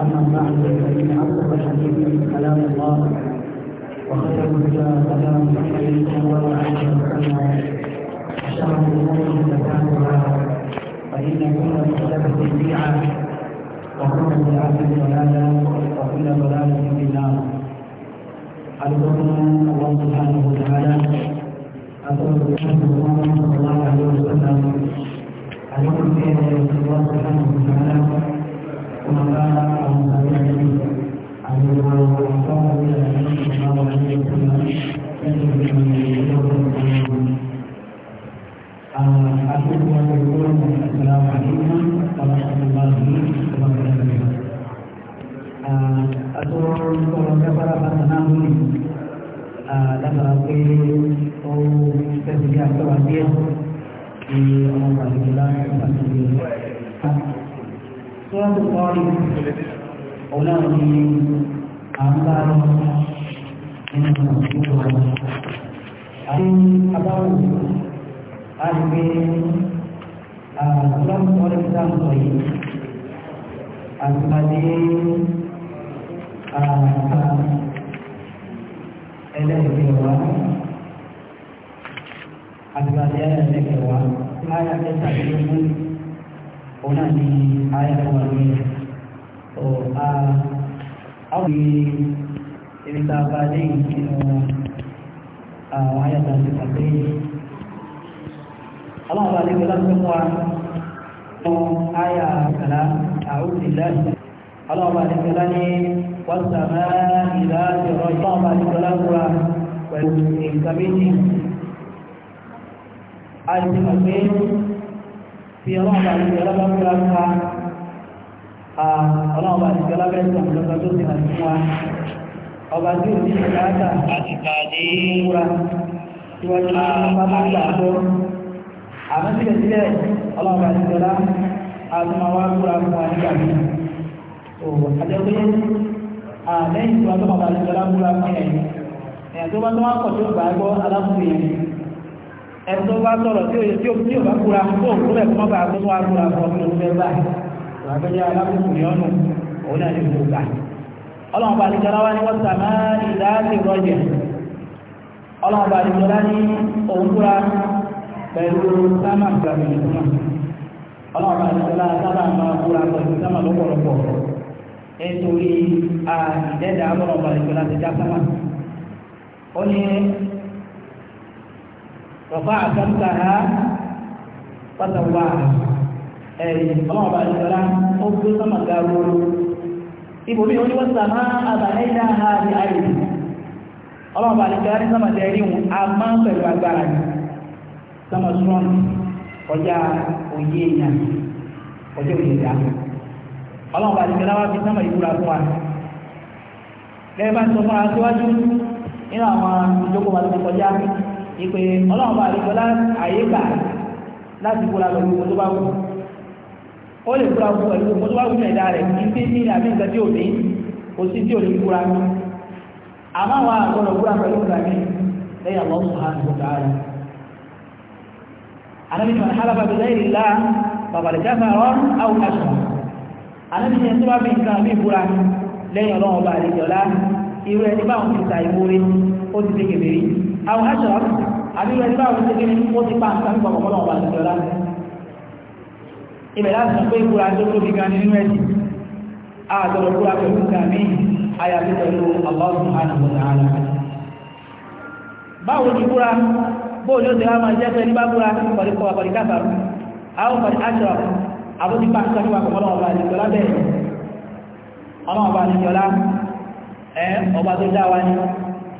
أما بعد فإن أصدق الحديث كلام الله وخير الهدى كلام محمد صلى الله عليه وسلم وشر الأمور محدثاتها فإن كل محدثة بدعة وكل بدعة ضلالة وكل ضلالة في النار ألزمنا الله سبحانه وتعالى أسأل الله صلى الله عليه وسلم أن يكون الله سبحانه وتعالى Gracias. sọ́ọ̀tù kọ́ọ̀lì òun náà ni à ń bá lọ nínú ìlú wa àti abáwò a lè pe sọ́ọ̀tù kọ́ọ̀lì tí a ń sọ yìí ìlú fún òun náà ní ayélujára wọn ní ọ a áwùjọ ibi tá a bá dé nínú àwọn ayélujára ti pàdé yìí aláwọ̀ àlejò láti fún wa fún àwọn àlejò láti wà tí ọlọ́ọ̀bà àti ọlọ́bà fúra ká ọlọ́ọ̀bà àti ọlọ́bà ẹ̀sọ̀ ọ̀dọ́gbà tó ti hàn fún wa ọba tí ò ní ìdáàtà àti ìmúra tí wọ́n ti máa bá gbà tó àmọ́ sílẹ̀sílẹ̀ ọlọ́ọ̀bà àti ọlá àtúmọ̀ wá fúra fún wa nígbà mí ò àjẹpé lẹ́yìn tí wọ́n tó máa bá bá tó wá pọ̀ tó ẹ̀tọ́ bá sọ̀rọ̀ tí ó yẹ tí ó tí ó bá kúra fún òkúrẹ fún ọba àgbọn wa kúra fún ọmọ ìlú mẹ́fà ìrànlọjọ alákòókò ní ọnù òun náà ní gbogbo Ọlọ́run bá wá ní sàmá ìdá ti Ọlọ́run bá ní òun kúra pẹ̀lú sámà رفع سمكها فسواها أي السلام أبو سما قالوا ibo mi oni wasama abaina ha bi aidi ọlọ́run bá nìkan ní sọ́mọ̀ tẹ́rí wọn a máa ń pẹ̀lú agbára ní kọjá ìpè ọlọ́run bá àdìgbọ́lá àyè gbà láti kúra lọ gbogbo tó bá wù ó lè kúra wù pẹ̀lú gbogbo tó bá wù ẹ̀dá rẹ̀ kí sí ní àbí nǹkan tí ò ní kò sí tí ò ní kúra àmọ́ àwọn àgbọ̀dọ̀ kúra pẹ̀lú nǹkan mi lẹ́yìn àwọn ọmọ hàn ló dáa rẹ̀ àdàbí sọ̀rọ̀ hálà bàbá lẹ́yìn ìlà bàbá lè jáfa rọ́ àwọn aṣọ àdàbí sọ̀rọ̀ tó bá fi nǹkan mi kúra lẹ́yìn ọlọ́run bá àdìgbọ́lá irú ẹni báwọn ti ta ìmúrí ó ti dé kèbèrè àwọn aṣọra àbí ẹni báwọn ti kéde ó ti pa nǹkan nípa ọmọ ọba àti ìjọra ibẹ̀ láti sọ pé ìkúra tó tóbi gan nínú ẹ̀sìn àtọ̀rọ̀ kúra pẹ̀lú gàmí àyàfi pẹ̀lú Allah subhanahu wa ta'ala báwo ni kúra bóò ni ó ti wá máa jẹ́ pẹ̀lú bá pa nǹkan nípa àti ìjọra bẹ́ẹ̀ àti ìjọra ẹ ọba tó dá wa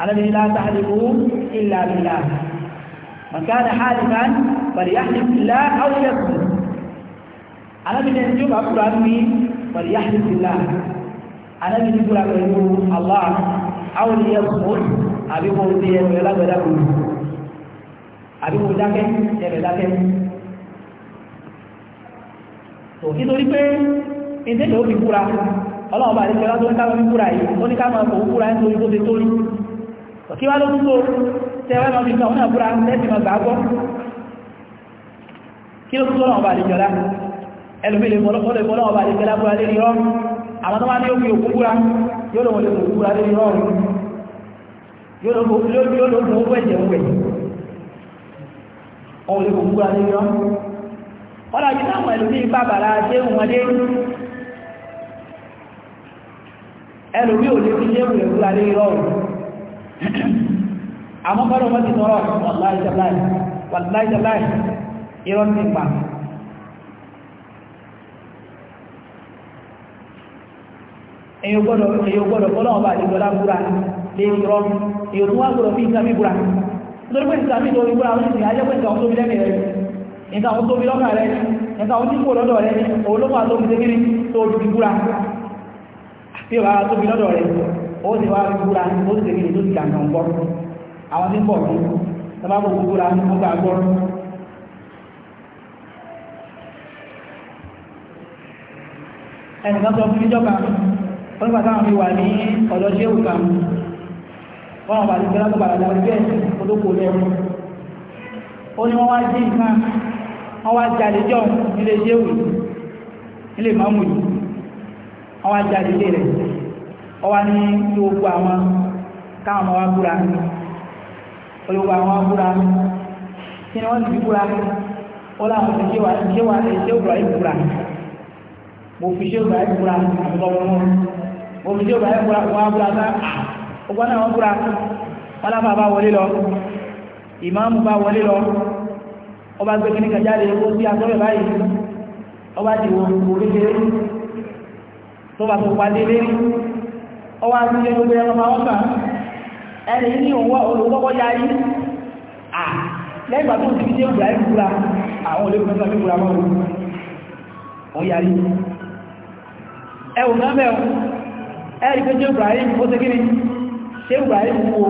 alábi ní láti àdìbò ìlà àbìlà màkàdà hàlìfàn pàdé àdìbìlà áwùyẹ̀kù alábi ní ẹjọ́ bá kúrò àmì pàdé àdìbìlà alábi ní kúrò pẹ̀lú allah áwùyẹ̀kù àbíkò ti ẹ̀rọ ẹlágbẹ̀dá kù àbíkò dákẹ́ ẹ̀rọ dákẹ́ tò nítorí pé ìdẹ́lẹ̀ ó fi kúra ọlọ́ọ̀bà àdìbìlà tó ń ká kí wá ló ń tó tẹ́wẹ́ náà ti sọ náà búra lẹ́sì máa gbàgbọ́ kí ló tó náà bá lè jọlá ẹlòmílè mọ́lọ́pọ̀ náà bá lè jọlá búra lè rọ́ àwọn tó máa ní òkú òkú búra yóò lòun lè òkú búra lè rọ́ yóò lòun owó ẹ̀jẹ̀ òwe òun lè òkú búra lè rọ́ wọ́n láti láwọn ẹlòmíì bàbàrà dé wọn dé ẹlòmíì ò lè fi dé òun lè búra lè rọ́ òun àmọ́ kọ́ lọ́wọ́ ti tọrọ wàláì jàláì wàláì jàláì irọ́ ní ìpa èyí gbọ́dọ̀ kọ́lọ́ ọba àti ìjọba búra lè rọ èyí tó wá gbọ́dọ̀ fi ìsàmì búra nítorí pé ìsàmì tó rí búra oníṣìí ajẹ́pẹ́ ìsàmì tó fi lẹ́mì rẹ̀ nǹkan àwọn tó fi lọ́kà rẹ̀ nǹkan àwọn tí kò lọ́dọ̀ rẹ̀ ó sì wá gbúra ó sì tẹ̀lé tó ti kà nǹkan gbọ́ àwọn tí ń bọ̀ ní sábà kò gbúra ó gbà gbọ́. ẹnìkan sọ fún níjọba ó nígbà táwọn fi wà ní ọ̀dọ̀ ṣé òkà wọn wọn bàtí gbẹ́lá tó bàrà dà bẹ́ẹ̀ kó tó kò lẹ́rú ó ní wọ́n wá jí nǹkan wọ́n wá jalè jọ nílé ṣéwì nílé màmù yìí wọ́n wá jalè lé rẹ̀ ọwá ní tí ó gbà wọn káwọn ọmọ wa búra olùgbà wọn búra kí ni wọ́n ti búra ó láwọn ti ṣéwà ṣéwà ṣé òbúra yìí búra mo fi ṣé òbúra yìí búra àbúkọ wọn mo fi ṣé òbúra yìí búra wọn búra sá ọgbọ́n náà wọ́n búra wọn láfa bá wọlé lọ ìmáàmù bá wọlé lọ ọba gbé kíní kan jáde ó sí àtọ́rẹ̀ báyìí ọba ti wọ òkèkèrè tó bá tó wá délé ọwọ́ àtúnjẹ gbogbo ẹran máa wọ́n kà ẹni ní òwò olùkọ́kọ́ yarí à lẹ́gbà tó ti dé ìgbà ìgbà àwọn olóògùn mẹ́ta ìgbà wọn ò yarí ẹwù mẹ́mẹ́ o ẹ̀rí pé jẹ́ Ibrahim ó ṣe kíni ṣé Ibrahim wo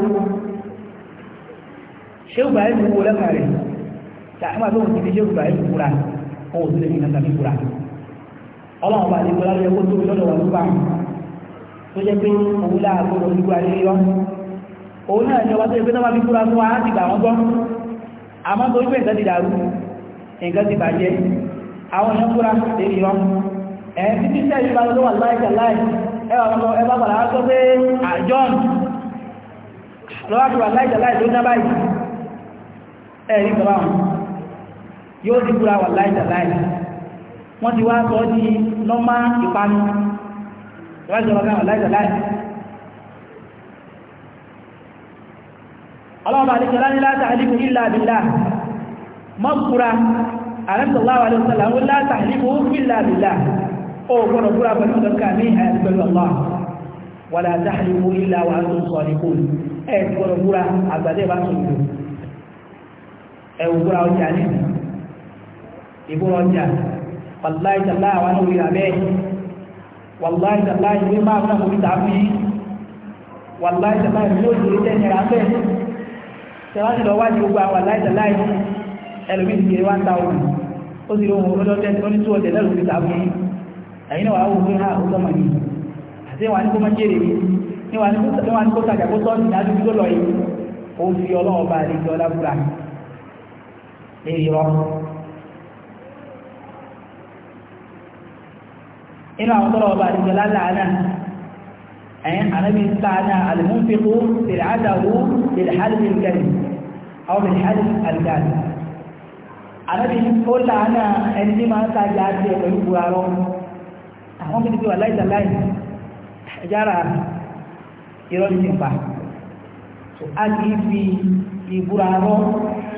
ṣé Ibrahim wo lẹ́kà rẹ̀ tàbí àti òun ti di ṣé Ibrahim kúra òun ò sí lè fi nàta mi kúra ọlọ́run bá ti kúra lórí ẹkọ́ tó lọ́dọ̀ wà lóbá tó jẹ́ pé òun láàgbọ́dọ̀ gbígbó ayé yọ òun náà ni ọba tó yẹ pé tó bá fi kúra fún wa á ti gbà wọ́n gbọ́ àmọ́ tó gbé nǹkan ti dàrú nǹkan ti bàjẹ́ àwọn èèyàn kúra lérí yọ ẹ̀ títí sẹ́yìn bá lọ́wọ́ láìka láì ẹwà ọmọ ẹbá padà wá sọ pé àjọ́n lọ́wọ́ àti wà láìka láì tó dá báyìí ẹ̀rí bàbá wọn yóò ti kúra wà láìka láì wọ́n ti wá sọ di nọ́mà ìpanu wọ́n jọba káwọn láìjọláì ọlọ́ọ̀bà àdíjọlá ní látàlíkù ilá àbílá mọ́kúra àrẹ́sọ̀láwà alẹ́sọ̀lá ń látàlíkù ilá àbílá ó gbọ́nà kúra pẹ̀lú ọ̀dọ́ká ní àyàtìpẹ̀lú ọ̀lá wà látàlíkù ilá wà ń sọ ní kúrò ẹ̀ gbọ́nà kúra àgbàdẹ́ bá sọ ìlú ẹ̀wù kúra wàláì tàlá ìwé máa náà orí tàbí wàláì tàlá ìwé yóò jẹ́ tẹ́yìn rà bẹ́ẹ̀ tẹ́lá ti lọ wá ní gbogbo wàláì tàlá ìwé ẹlòmí ti kiri wá ń ta òun ó sì lóhun olóòtẹ́ tó ní tó ọ̀tẹ̀ lẹ́rù orí tàbí ẹ̀yìn náà wà ó fún àwọn ọmọ mi àti wà ní kó máa jèrè mi ní wà ní kó tàjà kó tọ́ ní adúgbò tó lọ yìí ó fi ọlọ́wọ́ bá àlejò ọlá inú àwọn tọ́lọ̀ ọba àdìgbò lálàánà ẹ̀yìn ànábì sáànà àlùmúnfikú tìrìádàwó tìrìhálì kẹrì àwọn tìrìhálì àlùgáàdì ànábì ó làánà ẹni tí máa ń tajà àti ẹ̀pẹ̀lú buharọ́ àwọn bíi ti wà láìsà láì ẹjára irọ́ ní ìpa a kì í fi ìbuharọ́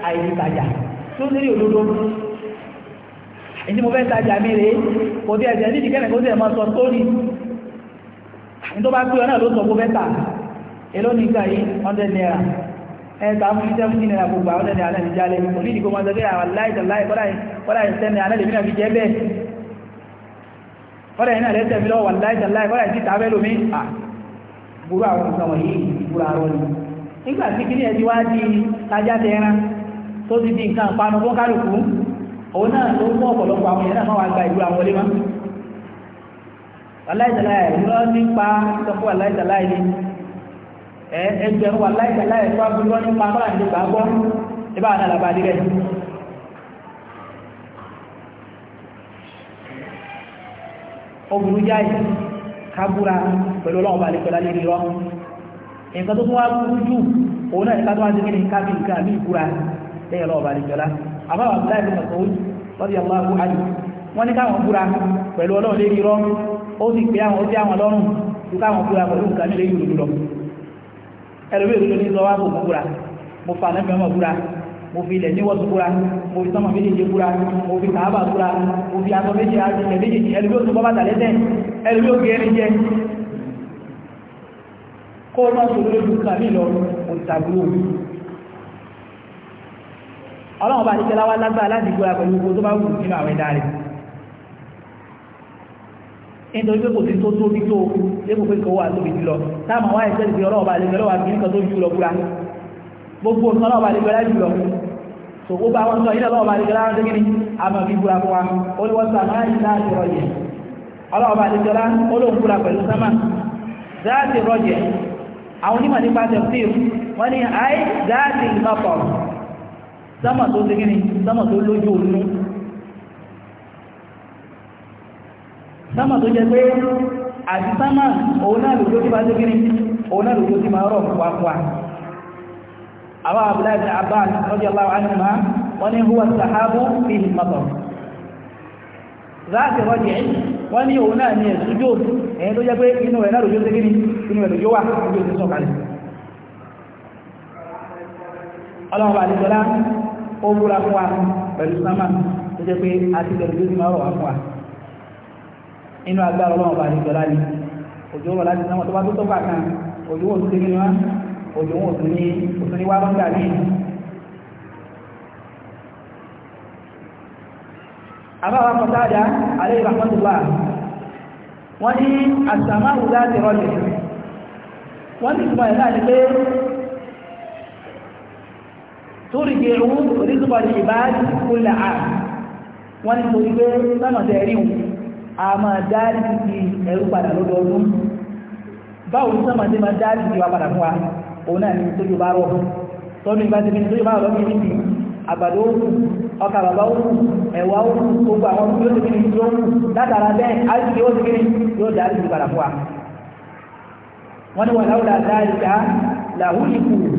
àìrítajà tó lérí òdodo ẹni mo fẹ́ tajà mi rèé kò tí ẹ̀sẹ̀ nídìí kẹ́nẹ̀ kó tí ẹ̀ máa sọ sórí tó bá pé ọ náà ló sọ kó fẹ́ tà èló ní ìgbà yìí hundred naira ẹ̀ẹ́ta fún iṣẹ́ fún ìnira gbogbo àwọn ẹ̀dẹ̀ alẹ́ ìjálẹ̀ kò ní ìdìgbò wọn sọ́kẹ́ àwọn ah, láìsẹ̀ láì kọ́dà ìṣẹ́ni alẹ́ lèmi náà fi jẹ́ bẹ́ẹ̀ ni nígbà tí kí ni ẹ ti wá òun náà ló mú ọ̀pọ̀lọpọ̀ àwọn èèyàn máa wá gba ìlú àwọn olé mọ́ aláìsàláì lọ nípa ìsọfún aláìsàláì ni ẹgbẹ̀rún wà láìsàláì tó ábú nípa kọ́lá ní ìgbà gbọ́ ibà náà làbà nílẹ̀ obìnrin jáì kábúra pẹ̀lú ọlọ́run bá lè pẹ̀lá àbáwà abdullahi bin masoud lọ́dí allahu ali wọ́n ní káwọn búra pẹ̀lú ọlọ́run lé irọ́ ó sì pé àwọn tí àwọn lọ́rùn tó káwọn búra pẹ̀lú nǹkan nílé yìí lòdùdọ̀ ẹlòmí òdòdó ní lọ́wọ́ àbò búra mo fa àlẹ́fẹ́ mọ̀ búra mo fi ilẹ̀ níwọ̀sùn búra mo fi sọ́mọ̀ méjèèjì búra mo fi kàábà búra mo fi aṣọ méjèèjì àtìlẹ̀ méjèèjì ẹlòmí òdòdó bọ́bá tàlẹ́tẹ̀ ẹlòmí òkè ẹrin jẹ kó o má sọ lójú kàmí lọ òtàbúrò ọlọ́run bá níkẹ́ láwá lágbà láti gbọ́ra pẹ̀lú gbogbo tó bá wù nínú àwọn ẹ̀dá rẹ̀ nítorí pé kò sí tó tóbi tó lébò pé kò wà tóbi jùlọ táàmù àwọn ẹ̀sẹ̀ ti ọlọ́run bá níkẹ́ lọ́wọ́ àti nǹkan tó jù lọ búra gbogbo nǹkan ọlọ́run bá níkẹ́ láti jùlọ so gbogbo àwọn nǹkan ilé ọlọ́run bá níkẹ́ láwọn tó kíni àmọ̀ fi búra fún wa ó ní wọ́n sọ àmọ́ àyíká àti rọ̀jẹ̀ ọlọ́run bá níkẹ́ lá ó lóun búra pẹ̀lú sámà dáàtì rọ̀jẹ̀ àwọn onímọ̀ nípa tẹ̀síìr wọ́n ní àì dáàtì ìmọ̀pọ̀ sámà tó ṣe kíni sámà tó lójú òun sámà tó jẹ pé àti sámà òun náà lòdó tí máa ṣe kíni òun náà lòdó tí máa rọ̀ pàápàá àwọn Abdullahi ibn Abbas radiyallahu anhuma wọ́n ní huwa sahabu fihi matar láti rọ́jẹ̀ wọ́n ní òun náà ní ẹ̀sùjò ẹ̀yìn tó jẹ́ pé inú ẹ̀ náà lòjó sí gíní inú ẹ̀ lòjó wà lójú òsì sọ̀kalẹ̀ ọlọ́run bá lè ó búra pẹ̀lú sámà tó jẹ́ pé àti ti máa rọ̀ wá fún wa inú agbára ọlọ́run bá nìjọ láti òjò rọ̀ láti sámà tó bá tó tọ́ka kan òjò wò tún wá òjò wò ní òtún ní wá lọ́ngà ní. àbáwá alẹ́ wọ́n torí di ẹ̀rù orísùpọ̀ ní ìbáàdì kúlẹ̀ à wọ́n ní torí pé sánàtẹ̀ rí wọn a máa dáàdì ti ẹ̀rù padà lọ́dọọdún báwo ní sánàtẹ̀ máa dáàdì ti wá padà fún wa òun náà ní tójú bá rọ̀ tọ́nu ìbá ti fi tójú bá rọ̀ bí níbi àgbàdo òkú ọkà bàbá òkú ẹ̀wà òkú gbogbo àwọn tó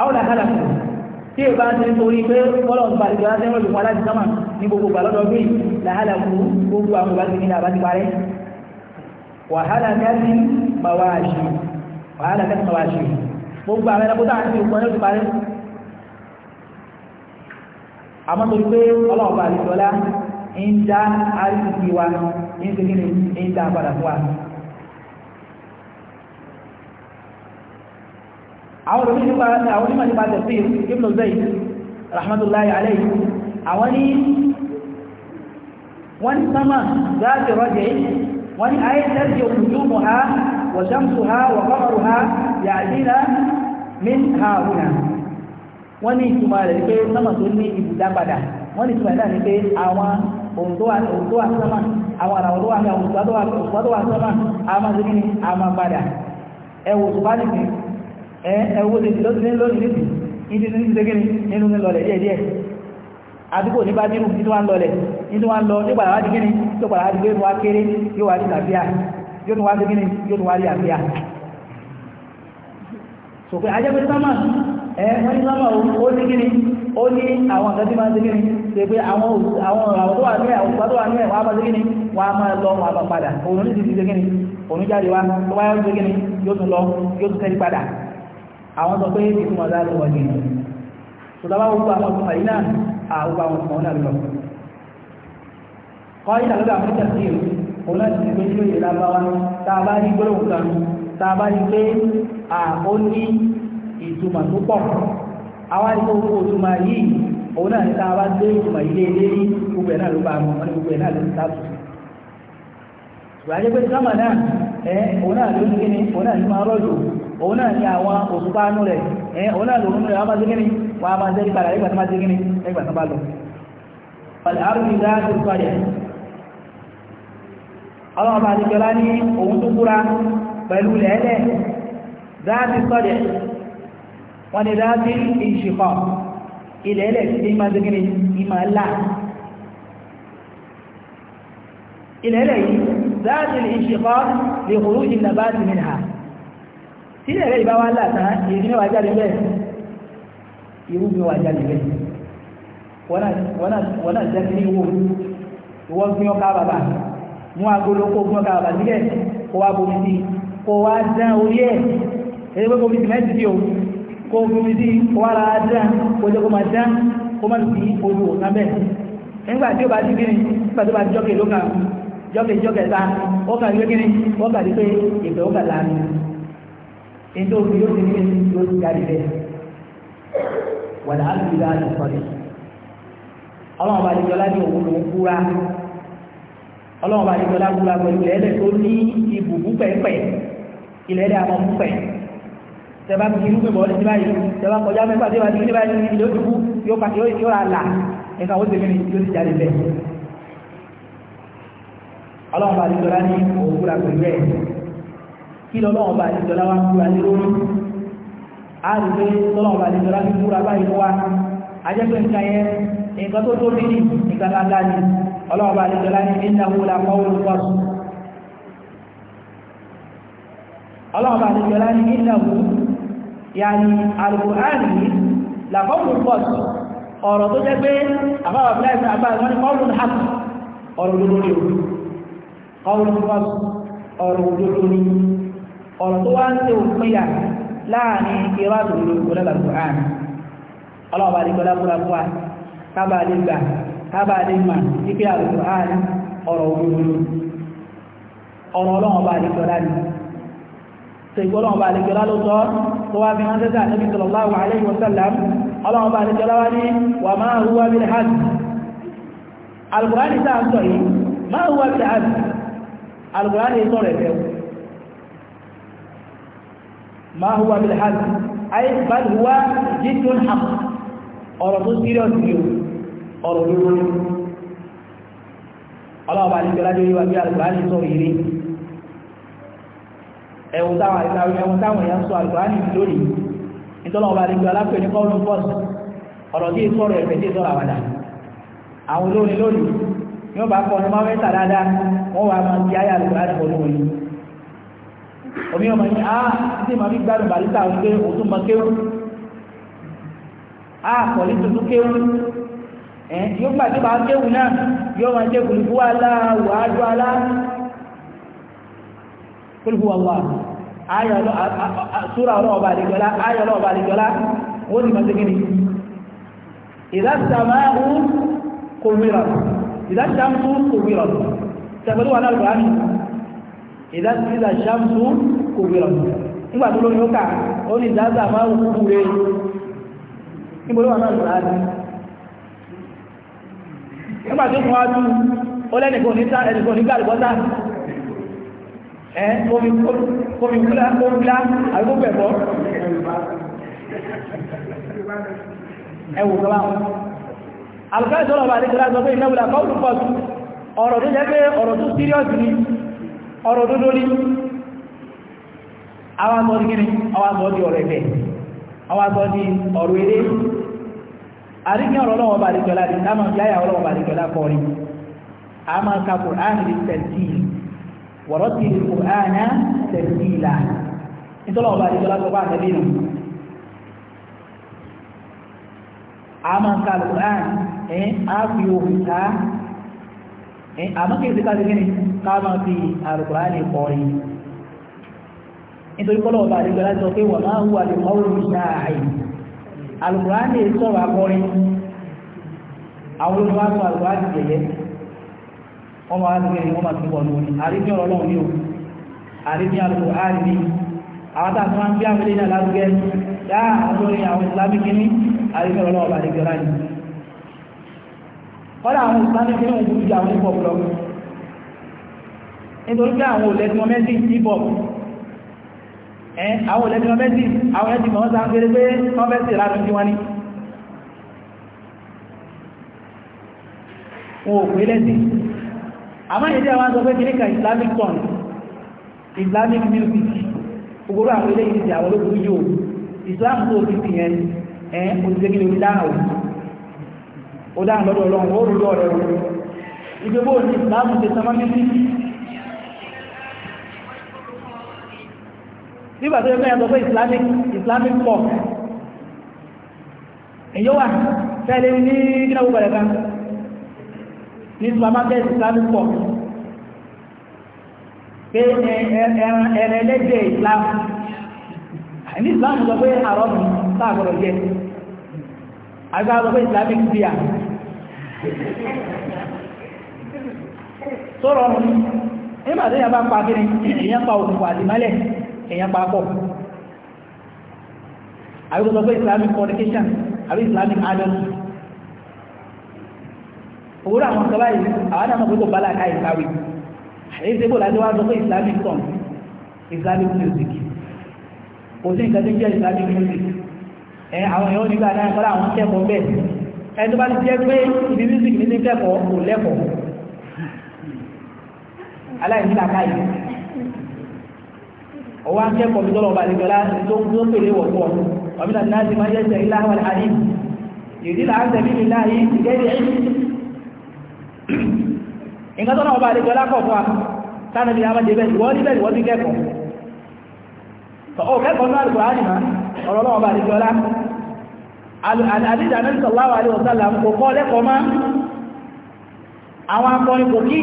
àwọn àkàlà kù tí ìbá ti ń torí pé bọ́lọ̀ ń parí ìjọba tẹ́wọ̀n ìwọ̀n aláti sọ́mà ní gbogbo gbàlọ́dọ̀ọ́gbìn làhálà kù gbogbo àwọn ìbá ti ní àbá ti parẹ́ wàhálà kẹ́sì màwáàṣì wàhálà kẹ́sì màwáàṣì gbogbo àwọn ẹranko táà ti òkú ẹni àwọn onímọ̀ nípa tafsir ibn zayd rahmatullahi alayhi àwọn ní wọ́n ní sama zaati raj'i wọ́n ní ayé tẹ́jì òkùnjúmùha wa shamsuha wa qamaruha ya'tina min ha huna wọ́n ní ìtumọ̀ rẹ̀ pé sama tó ní ibùdápadà wọ́n ní ìtumọ̀ náà ní pé àwọn òun tó wà sama àwọn àrà ẹwọ́ ti lọ ìdí ní ti nínú ní lọlẹ̀ àdúgbò ní bá nínú ní tó wá ń lọlẹ̀ lọ ní padà gíní tó padà wá gbé wá kéré yóò wá yóò tún wá gíní yóò tún wá àbíà sámà ẹ wọ́n ní sámà ó ní gíní ó ní àwọn tí máa ń gíní ṣe pé àwọn àwọn tó wà ní àwọn tó wà ní ẹ̀ wọ́n á máa gíní wọ́n àwọn sọ pé ìtumọ̀ láti wọ́n ní ṣùgbọ́n gbogbo àwọn ọmọ yìí náà àwọgbà àwọn ọmọ náà lọ kọ́ ìtàlọ́ àwọn ìtàkì òun láti ti gbé nílò ìlábáwá tá a bá rí gbólóhùn kan tá a bá rí pé ó ní ìtumọ̀ tó pọ̀ àwọn àìsàn owó ìtumọ̀ yìí òun náà ní tá a bá gbé ìtumọ̀ ilé ilé e ní gbogbo ẹ̀ náà ló bá mọ̀ ọ́ òun náà ní àwọn òṣùpá nù rẹ̀ ẹ̀ òun náà lòun rẹ̀ wọ́n máa dégínì wọ́n máa dẹ́rí padà nígbà tó máa dégínì nígbà tó bá lọ. pàlẹ́ àrùn ìdá tó sọ yẹ ọlọ́run bá dìjọlá ní òun tó búra pẹ̀lú lẹ́ẹ̀lẹ́ dáàbì sọ́dẹ̀ tí ẹ̀rẹ́ ìbá wá látà èyí ní wàjá lè bẹ́ẹ̀ irú mi wàjá lè bẹ́ẹ̀ wọ́n náà jẹ́ sí ìwò ìwọ́ gbíyàn ká bàbà mú agolo kó gbíyàn ká bàbà sílẹ̀ kó wá bomi sí kó wá dán orí ẹ̀ èyí pé bomi sí mẹ́sì sí o kó bomi sí kó wá ra dán kó jẹ́ kó máa dán kó má sí ojú òkan bẹ́ẹ̀ nígbà tí ó bá ti gírin nígbà tó bá ti jọ́kè lókàn jọ́kè ta ó kà ní pé gírin ó kà ní pé ìgbẹ́ ó kà láàrin ètò òbí yóò ti ní ẹni yóò ti jáde bẹ́ẹ̀ wàlá àbúrò àti sọ̀rọ̀ ọlọ́run bá dìjọ́lá ní òun ló ń kúra ọlọ́run bá dìjọ́lá kúra pẹ̀lú ẹlẹ́ tó ní ibùbú pẹ̀pẹ̀ ilẹ̀ ẹ̀dẹ̀ àwọn ọmọ pẹ̀ tẹ́bá fi irú pẹ̀bọ̀ ọdún síbáyìí tẹ́bá kọjá mẹ́fà tí wàá ti rí báyìí ìlú òdùkú yóò pa yóò rà là ẹ̀ka ó tẹ̀lé yóò ti jáde bẹ́ẹ̀ ọlọ́run bá dìjọ́lá ní òun kúra pẹ̀lú ẹ̀ kí lọ́lọ́wọ́ bá àti ìjọlá wá ń fúra ní lórí a rí pé lọ́lọ́wọ́ bá àti ìjọlá ń fúra báyìí wá ajẹ́pẹ́ nǹkan yẹn nǹkan tó tóbi ní nǹkan láńlá ni ọlọ́wọ́ bá àti ìjọlá ní innahu la qawlun fasl ọlọ́wọ́ bá àti ìjọlá ní innahu yàní ọ̀rọ̀ tó wá ń tẹ òpinya láàrin irọ́ àtòlù ìgbòlẹ́lá Qur'an ọlọ́ọ̀bá àdìgbọ́lá fúra fún wa kábà àdìgbà kábà àdìgbà ìpè Qur'an ọ̀rọ̀ òwúrò ọ̀rọ̀ ọlọ́ọ̀bá àdìgbọ́lá ni tẹ̀gbọ́lọ́ọ̀bá àdìgbọ́lá ló sọ tó wá fi alaihi wasallam ọlọ́ọ̀bá àdìgbọ́lá wá ní wà máa huwa bil hajj alùkùránì sáà sọ yìí máa huwa bil hajj ما هو بالحال أي بل هو جد حق أرضو سيريوس نيو أرضو ọrụ الله بعد كلا ọba àdìgbò alápẹ̀ ní kọ́ọ̀lù pọ́ọ̀sì ọ̀rọ̀ tí ìsọ̀rọ̀ ẹ̀fẹ̀ tí ìsọ̀rọ̀ àwàdà àwọn olórin lónìí yóò bá kọ́ ọ̀nà máa omi ọmọ ní àá títí ma fi gbádùn bàrísà ń gbé òtún ma kéwú àá ah, kọ̀lí tuntun kéwú ẹ̀ yóò gbà tí bá kéwú náà yóò máa jẹ́ kùlùkù aláwọ̀ ájú alá kùlùkù wàwà súra ọlọ́ọ̀bà àdìjọ́lá ayọ̀ ọlọ́ọ̀bà àdìjọ́lá ó sì máa tẹ́kẹ́ ni ìdásàmáhù kò wíra ìdásàmáhù kò wíra tẹ̀pẹ̀lú wà náà ìdásílẹ̀ ṣàmùsù kò wílọ̀ nígbà tó lórí ókà ó ní ìdásà máa ń kúrú rẹ̀ níbo ló wà náà lọ́la ní nígbà tó fún wa tú ó lẹ́nìkan ní sáà ẹnìkan ní gàlùbọ́sà ẹ omi kúlá kóńgá àgbó pẹ̀bọ́ ẹwù sọ́wọ́ alùpàá ìṣọ́lọ̀ bá ní kí ọ̀rọ̀ tó jẹ́ pé ọ̀rọ̀ tó síríọ̀sì ni ọ̀rọ̀ dúdú ní àwọn àgbọ́dí gíní àwọn àgbọ́dí ọ̀rọ̀ ẹ̀fẹ́ àwọn àgbọ́dí ọ̀rọ̀ eré àríkí ọ̀rọ̀ ọlọ́wọ́ bá rí jọlá rí láàmà yáyà ọlọ́wọ́ bá rí jọlá kọ́ rí a máa ka kùránì rí tẹ̀sí wọ̀rọ̀ ti rí kùránì tẹ̀sí ìlà nítọ́lọ́wọ́ bá rí jọlá tó bá tẹ̀lé nù a máa ka kùránì ẹ̀ á fi òkúta Eh, àmọ́ kí èsì káàkiri ní káàmà fi àrùkùránì kọrin nítorí kọ́lọ̀ ọba àdìgbà láti sọ pé wà máa hùwà lè kọ́ orí ṣáàì àrùkùránì sọ̀rọ̀ akọrin àwọn olùwà sọ àrùkùránì jẹ̀yẹ wọ́n máa ń gbé wọ́n máa ti wọ̀ lórí àríbí ọ̀rọ̀ lọ́wọ́ ní o àríbí àrùkùránì ní àwọn tá a máa ń bí àwọn ilé náà lárugẹ dáa àwọn olórin àwọn ìsìlámì kìíní àríbí ọ̀rọ̀ lọ́wọ́ kọ́lá àwọn ìsáni fi ń burú ju àwọn hip hop lọ nítorí pé àwọn olẹ́tìmọ̀ mẹ́sì hip hop ẹ̀ àwọn olẹ́tìmọ̀ mẹ́sì àwọn ẹ̀tìmọ̀ wọ́n sá ń fèrè pé wọ́n fẹ́ sí ìlànà tí wọ́n ní wọn ò pè lẹ́sì àmọ́ ìdí àwọn aṣọ pé kìníkà islamic song islamic music gbogbo àwọn ilé ìdí àwọn olóògùn yóò ó dáhùn lọ́dọ̀ ọlọ́run ó rúdọ̀ rẹ̀ rú ìgbébó ní ìsìláàmù ti sọmọ́ ní sí nígbà tó yẹ sọ pé islamic islamic pop èyí wà fẹ́lẹ́ ní gíná gbogbo ẹ̀ka ní supermarket islamic pop pé ẹran ẹlẹ́dẹ̀ islam ní islam sọ pé àrọ́bù sáà gbọ́dọ̀ jẹ́ agbára lọ pé islamic beer tó rọrùn nígbà tó yàn bá pa kí ni èèyàn pa òkùnkùn àdìmọ́lẹ̀ èèyàn pa pọ̀ àbíkó sọ pé islamic fornication àbí islamic adultery òwúrọ̀ àwọn kan báyìí àwọn náà mọ̀ pé kò bá láàká ìkàwé èyí tí kò láti wá sọ pé islamic song islamic music kò sí nǹkan tí ń jẹ́ islamic music àwọn èèyàn nígbà náà kọ́lá àwọn kẹ́kọ̀ọ́ bẹ́ẹ̀ ẹni tó bá ti jẹ́ pé ibi music ní kẹ́kọ̀ọ́ kò lẹ́kọ̀ọ́ aláìní yìí ọwọ́ akẹ́kọ̀ọ́ mi tọ́lọ̀ balẹ̀ tó ń tó pèlè wọ̀ pọ̀ ọ̀mìnà náà ti máa ń àdídà náà sallallahu alaihi wasallam kò kọ́ lẹ́kọ̀ọ́ má àwọn akọrin kò kí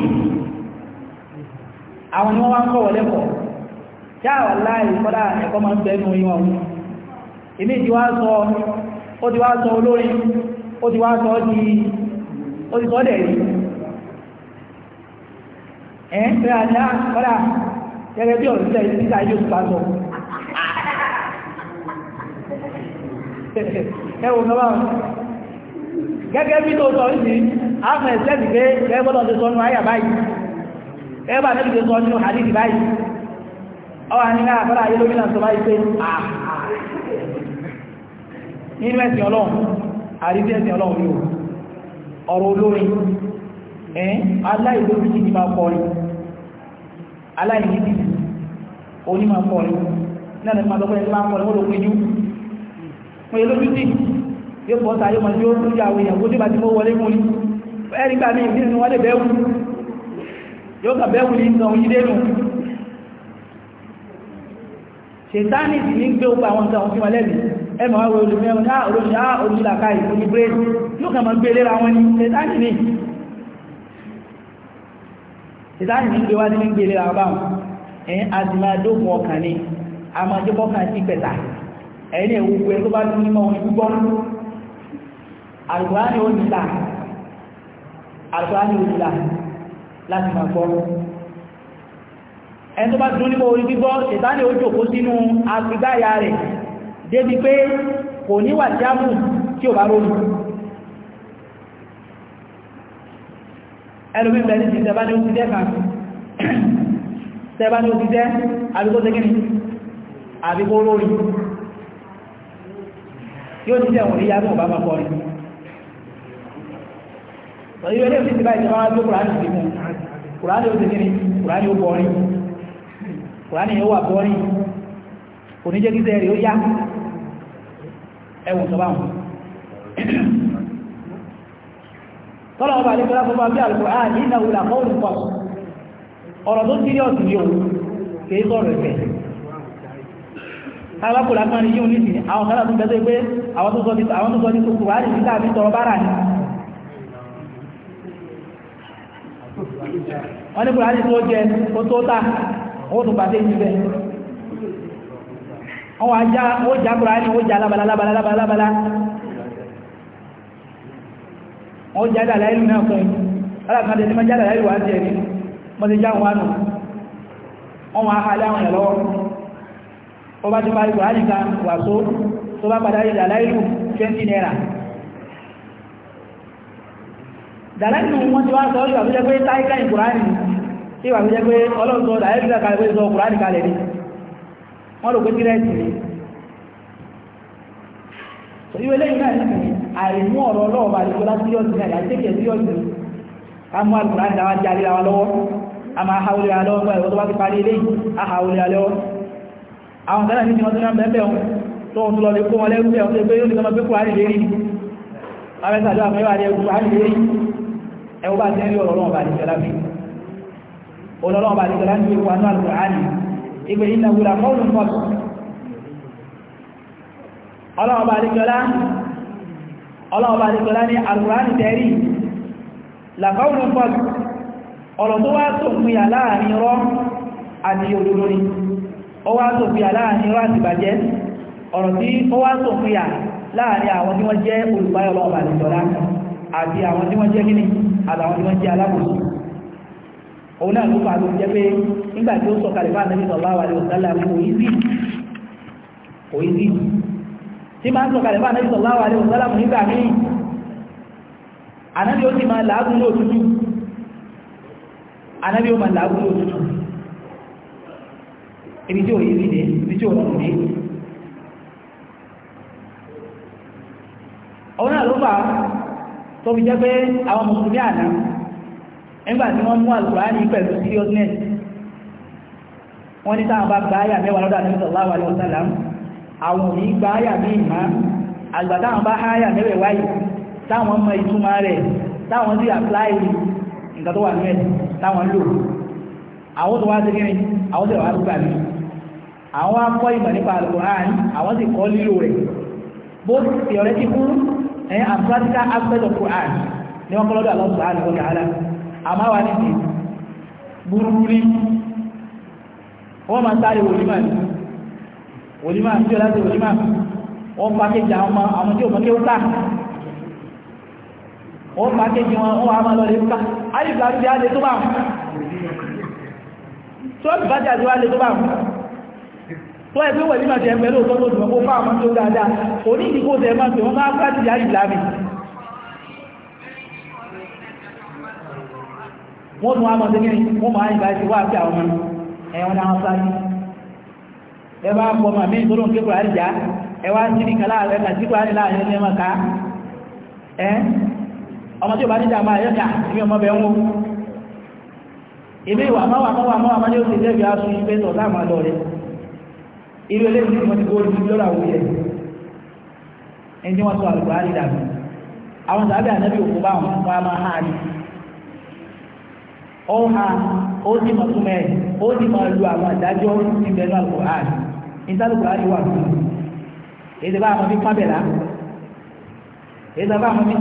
àwọn ni wọ́n wá ń kọ́ wọ́lẹ́kọ̀ọ́ jáwà láàrín kọ́lá ẹ̀kọ́ máa ń bẹ nù ìwọ̀n ìmí ti wá sọ ó ti wá sọ olórin ó ti wá sọ di ó ti sọ dẹ̀ rí ẹ̀ ń fẹ́ àdá kọ́lá gẹ́gẹ́ bí ọ̀rọ̀ ẹwọ gbọ́nà gẹ́gẹ́ bí tó sọ ìsì àmà ẹ̀sẹ́ ti ẹgbọ́dọ̀ ti sọ nù àyà báyìí ẹgbà náà ti sọ nù àdìdì báyìí ọwà ní náà fọ́lá ayé lómìnà sọ báyìí pé ọlọ́run wọ́n yẹ lójú sí yóò pọ̀ sáyé wọn yóò lójú àwọn èèyàn kó débà tí mo wọlé fún ní ẹ̀rí gbà mí ìdí nínú wọn lè bẹ́ẹ̀wù yóò kà bẹ́ẹ̀wù ní nǹkan òyìn dénú ṣètánì sì ní gbé ogun àwọn nǹkan òfin wọlé mi ẹ mọ̀ wá olú mẹ́rin ní àròyìn á olú làkà ìfúnni brain yóò kà máa gbé léra wọn ní ṣètánì ní ṣètánì ní gbé wá ní gbé léra wọn báwọn ẹ̀yìn àti máa dógun ọkàn ni a máa jẹ́ bọ́kàn sí pẹ̀tà ẹ̀yìn ẹ̀wùgbọ́ ẹ̀ tó bá tún nímọ̀ orin gbọ́ alùkùránì ó nílà alùkùránì ó nílà láti máa gbọ́ ẹni tó bá tún nímọ̀ orin gbígbọ́ ṣètánì ó jòkó sínú agbígbáyà rẹ̀ débi pé kò níwà tí a mú tí ò bá rónú ẹlùmí bẹ̀rẹ̀ sí tẹ́bá ní ó ti jẹ́ kan tẹ́bá ní ó ti jẹ́ àbíkó tẹ́gẹ́ni yóò ní sẹ́wọ̀n níyà tó bá máa kọrin lọ́yìn ilé òsì báyìí tó bá wá tó kùránì sí fún kùránì ó ti ọrụ kùránì ó ọrụ kùránì ó wà ọrụ ọrụ ọrụ ọrụ kí sẹ́ẹ̀rì ó yá ẹwùn ọba àti ìfẹ́lá fún bàbí ìnáwó ọ̀rọ̀ tó ọ̀sìn yóò sọ̀rọ̀ ìfẹ́ tábàkù lásán ni yíò nísìn àwọn sára tó gbẹ́sẹ̀ pé àwọn tó sọ ní kòkòrò àti títà àti tọrọ bára ni wọ́n ní kòrò tó jẹ ó tó tà ó tó pàtẹ́ wọ́n wá já ó já ó já lábala lábala lábala lábala wọ́n já dàlá ìlú náà já dàlá ìlú wá tó bá ti parí kùránì kan wàsó tó bá padà rí dàláìlù 20 naira dàláìlù wọ́n ti wá sọ ìwà tó jẹ́ pé táìkà ìkùránì tí ìwà tó jẹ́ pé ọlọ́run sọ dàláìlù kalẹ̀ pé sọ kùránì kalẹ̀ ni wọ́n rò pé tírẹ́ẹ̀tì ni ìwé lẹ́yìn náà nìkan àìmú ọ̀rọ̀ ọlọ́ọ̀bà àti ìjọba síríọ̀sì náà láti tẹ́kẹ̀ẹ́ síríọ̀sì ká mú àlùkùránì àwọn jáde ra wa lọ́wọ́ a máa ha olè alẹ́ ọgbọ́n ẹ̀rọ tó àwọn kan ní ìjọba tó náà bẹ̀ẹ̀bẹ̀ ohun tó lọ lè kó wọn lẹ́rú bẹ̀ẹ̀ pé yóò lè kọmọ pé kò àrí lérí abẹ́sàdó àmẹ́wà rẹ̀ kò ó wá sòfìyà láàrin wá sí bàjẹ́ ọ̀rọ̀ tí ó wá sòfìyà láàrin àwọn tí wọ́n jẹ́ olùbáyọ̀ lọ́wọ́ àdìsọ́lá àti àwọn tí wọ́n jẹ́ kíní àtàwọn tí wọ́n jẹ́ alákòóso òun náà ló fàá ló jẹ́ pé nígbà tí ó sọ kalẹ̀ fún ànábì sallallahu alaihi wasallam kò yí sí kò yí sí tí máa ń sọ kalẹ̀ fún ànábì sallallahu alaihi wasallam nígbà míì ànábì ó sì máa làágùn ní òtútù ànábì ó máa làágùn ní ibi tí ò yí rí dé ibi tí ò rọrùn dé ọ̀hún náà ló fà á tó fi jẹ́ pé àwọn mùsùlùmí àná nígbà tí wọ́n mú àlùkùránì pẹ̀lú seriousness wọ́n ní táwọn bá gba àyà mẹ́wàá lọ́dọ̀ àti sallallahu alaihi wasallam àwọn òní gba àyà ní ìmá àgbà táwọn bá háyà mẹ́wẹ̀ wáyé táwọn mọ ìtumọ̀ rẹ̀ táwọn sì apply nǹkan tó wà nílẹ̀ táwọn lò àwọn tó wá sí kírin àwọn sì wà á rúgbà mí àwọn akọ́ ìmọ̀ nípa alukur'an àwọn sì kọ́ lílo rẹ̀ both theoretical and practical aspect of Quran ní wọ́n kọ́lọ́dọ̀ Allah subhanahu wa ta'ala àmá ní ti burúkúrí wọ́n ma sáré wòlímà tí ó láti wòlímà wọ́n lè tó bá wọn tó ẹgbẹ́ wẹ̀ nígbà tẹ́ ẹgbẹ́ lóòótọ́ lóòótọ́ mọ́ fáwọn ọmọ tó dáadáa òní ìdíkó a máa tẹ́ wọ́n máa bá ti yáyì láàmì wọ́n tún àmọ́ sí wọ́n máa irú ole ndị wọ́n gbóòdì lọ́rọ̀ àwọn ẹni wọ́n sọ àlùkò àrí àwọn sàbẹ̀ ànábì òkú bá wọn wọ́n máa ó ha ó sì mọ̀ ó sì mọ̀ lu àwọn àdájọ́ níbẹ̀ àrí àrí wà fún bá àwọn bá àwọn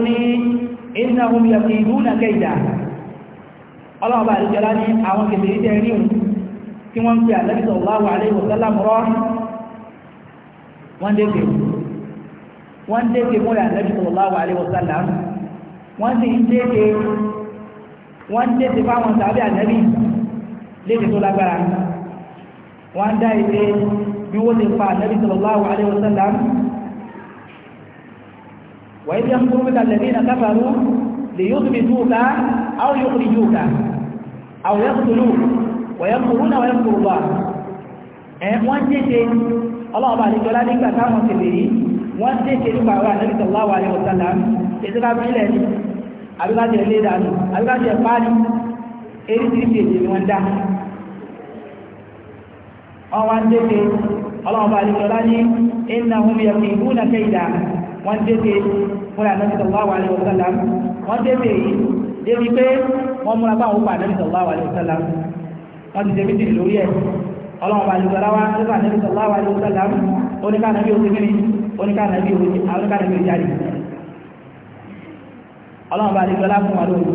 ṣe àwọn innahum yakiduna kaida ọlọ́ọ̀bá àríjọlá ní àwọn kèfèrí tẹ́ ríhùn tí wọ́n ń pè Ànábì sallallahu alaihi wasallam rọ́ wọ́n dẹ́gbẹ̀ wọ́n dẹ́gbẹ̀ múlẹ̀ Ànábì sallallahu alaihi pa sallallahu وإذ يمكر بك الذين كفروا ليثبتوك أو يخرجوك أو يقتلوك ويمكرون ويمكر الله eh, wọ́n tẹ́tẹ́ ọlọ́ọ̀bá àdìjọlá nígbà táwọn tẹ̀lẹ̀ yìí wọ́n tẹ́tẹ́ nípa àwọn àdìjọ láwà ní ọ̀tàlá ìṣẹ́lá bílẹ̀ ní àbíkájẹ̀ ilé ìdánù àbíkájẹ̀ páàlì èyí tí ìṣẹ́ ìṣẹ́ wọn dá wọ́n wá tẹ́tẹ́ ọlọ́ọ̀bá àdìjọlá ní ẹ̀nà fúnra Ànábì sallallahu alaihi wasallam wọ́n débi èyí débi pé wọ́n múra bá àwọn pa Ànábì sallallahu alaihi wasallam wọ́n ti débi dìrì lórí ẹ̀ ọlọ́run bá lùgbàlá wa nípa Ànábì sallallahu alaihi wasallam oníkà Ànábì òsì kiri oníkà Ànábì òsì oníkà Ànábì òsì jáde ọlọ́run bá lùgbàlá fún wa lóru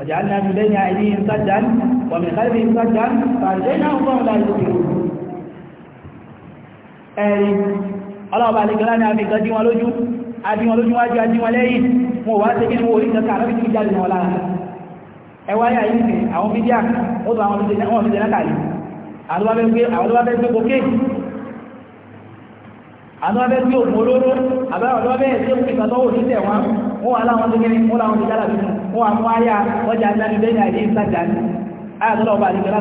ọjà Ànábì lẹ́yìn àìní ìsájàn wọ̀mí kálíbi ìsájàn fàrìlẹ́yìn àwọn ọmọ láì lókè ẹ̀rí ọlọ́run bá lùgbàlá ní àmì ìtọ́jú wọn lójú àdíwọn lójú wájú àdíwọn lẹ́yìn wọn wá tẹ́kí ní orí ìjọta àrọ́bí tí jáde wọn lára ẹwà yà yìí sí àwọn mídíà ó tó àwọn mídíà wọn mídíà látàrí àwọn olówábẹ́ gbé kókè àwọn olówábẹ́ gbé òkun olóró àbáwọn olówábẹ́ tí ó kìkà tọ́wọ́ ní tẹ̀ wọn wọn wà láwọn tó kéré wọn láwọn tó jára bí wọn wà mú àyà ọjà ìdáni lẹ́yìn àìdí ìsájà ní àyàtọ́lọ́ ọba àdìgbẹ́lá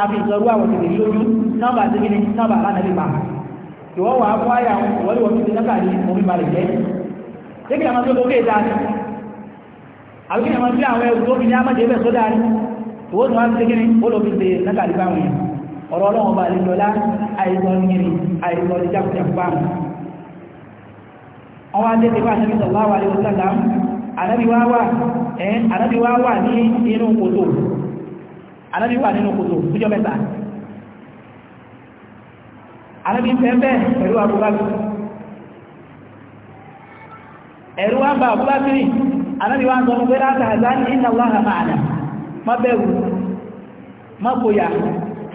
a fi ìsọrú àwọn tètè lójú nọ́mbà tí kéré nọ́mbà alánàbí pa ìwọ́n wà á mú àyà wọn ìwọ́n lè wọ́n ti dákà ní omi balẹ̀ jẹ́ lẹ́kìn àwọn tó kókè dáa ní àwọn kìnnìyàn àwọn ẹrù tó fi ní àmàdé ní ìwọ́n tó ti anábì ya pẹ̀lú abubakar ẹ̀rù wá bá abúgbàbìrì wa wá ń sọ pé láta ma'ana má bẹ̀rù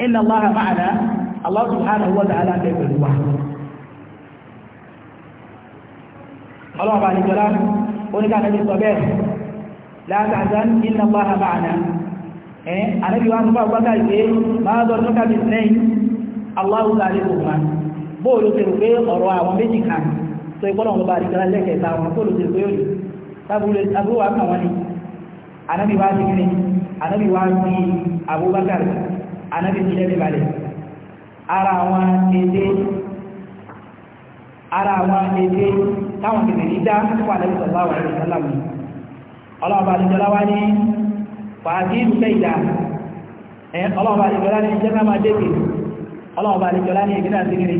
inna Allaha ma'ana Allah subhanahu wa ta'ala pẹ̀lú wa ọlọ́ọ̀bà nìjọlá oníkà anábì sọ bẹ́ẹ̀ láta inna Allaha ma'ana ẹ̀ ma wá ń bá abúgbàbìrì pé máa zọ Allahu ta'ala òkúra bóòlù ti rò pé ọ̀rọ̀ àwọn méjì kan tó ìgbọ́nà ọmọ bá rí kan lẹ́kẹ̀ẹ́ta wọn bóòlù ti rò pé òlù tábúrò wà kàn wọ́n ni anábì wá sí kíni anábì wá sí Abubakar anábì ti lẹ́bi balẹ̀ ara àwọn èdè ara àwọn èdè táwọn kìtìrì dá fún ọlọ́run bá àlejò láni èmi náà ti rí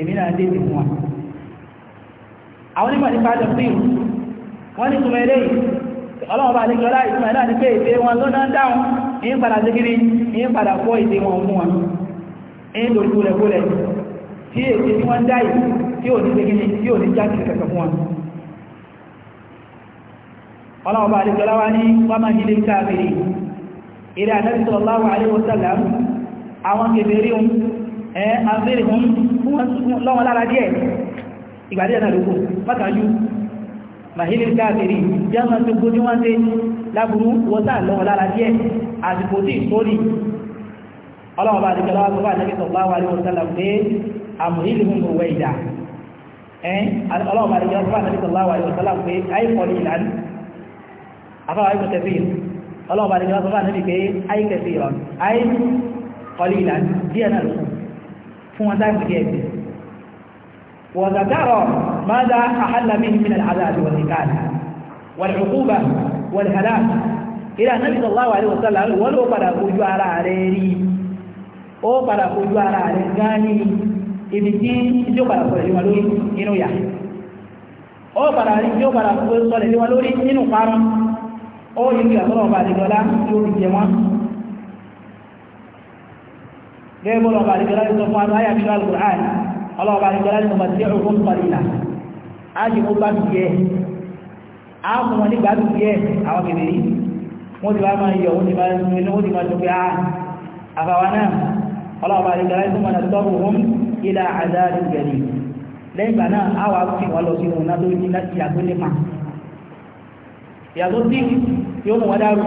èmi náà dé ìdè fún wa àwọn onímọ̀ nípa àjọ fún ìlú wọ́n ní túnmọ̀ eléyìí ọlọ́run bá àlejò náà ní pé èdè wọn ló náà dáhùn ní padà sí kiri ní padà fọ́ èdè wọn fún wọn ní lórí kúlẹ̀kúlẹ̀ tí èdè tí wọ́n dá yìí tí ò ní ṣe kiri tí ò ní já sí kẹ̀kẹ́ fún wọn ọlọ́run bá àlejò láwa ní wọ́n máa jílé káàkiri ìrẹ́ àtẹ́sọ̀lọ́wọ́ àlẹ́wọ̀sálàm àwọn kèfèrí ẹ́ abẹ́rẹ̀ wọn lọ́wọ́ lára díẹ̀ ìgbà díẹ̀ náà lókò mọ́kànlú mahilin káàkiri jẹ́mọ́ tó gbójú wọ́n tẹ́ lábúrú wọ́tà lọ́wọ́ lára díẹ̀ àsìkò tí ìsórí ọlọ́wọ́bá àti kẹlọ́wọ́ tó bá nẹ́bí sallallahu alaihi wasallam pé àmúhìlìhùn òwe ìdá ọlọ́wọ́bá àti kẹlọ́wọ́ tó bá nẹ́bí sallallahu alaihi wasallam pé àìkọ̀lì ìlànà fún wọn láti díẹ̀ bí wọ́n zàkárọ̀ máa dá àhálàmí ìmìnà àdáàdì wọ́n ìkáàdì wọ́n ìrùkúbà wọ́n ìhàdá ilẹ̀ anábì sallallahu alaihi wasallam wọ́n ló padà fojú ara rẹ̀ rí ó padà fojú ara rẹ̀ gání ibi tí ó padà sọ̀rọ̀ lórí inú yà gẹ́gẹ́ bọ́lá ọba àdìgbẹ́lá ní sọ́kún àti àyà nínú alukur'an ọlọ́ọba àdìgbẹ́lá ní sọ́kún àti ọ̀hún pàdínà á sì mú bá bìyẹ á mú wọn nígbà bìyẹ àwọn bèbèrè wọn ti bá máa yọ wọn ti máa ń sinmi wọn ti máa dùn pé á ah, àfàwọn náà ọlọ́ọba àdìgbẹ́lá ní sọ́kún àti ọ̀hún ọ̀hún ilà àdáàdì gẹ̀lì lẹ́yìn ìgbà náà á wà fi wọn lọ sí wọn náà lórí ìyàtọ̀ nípa ìyàtọ̀ tí yóò mú wọn dárú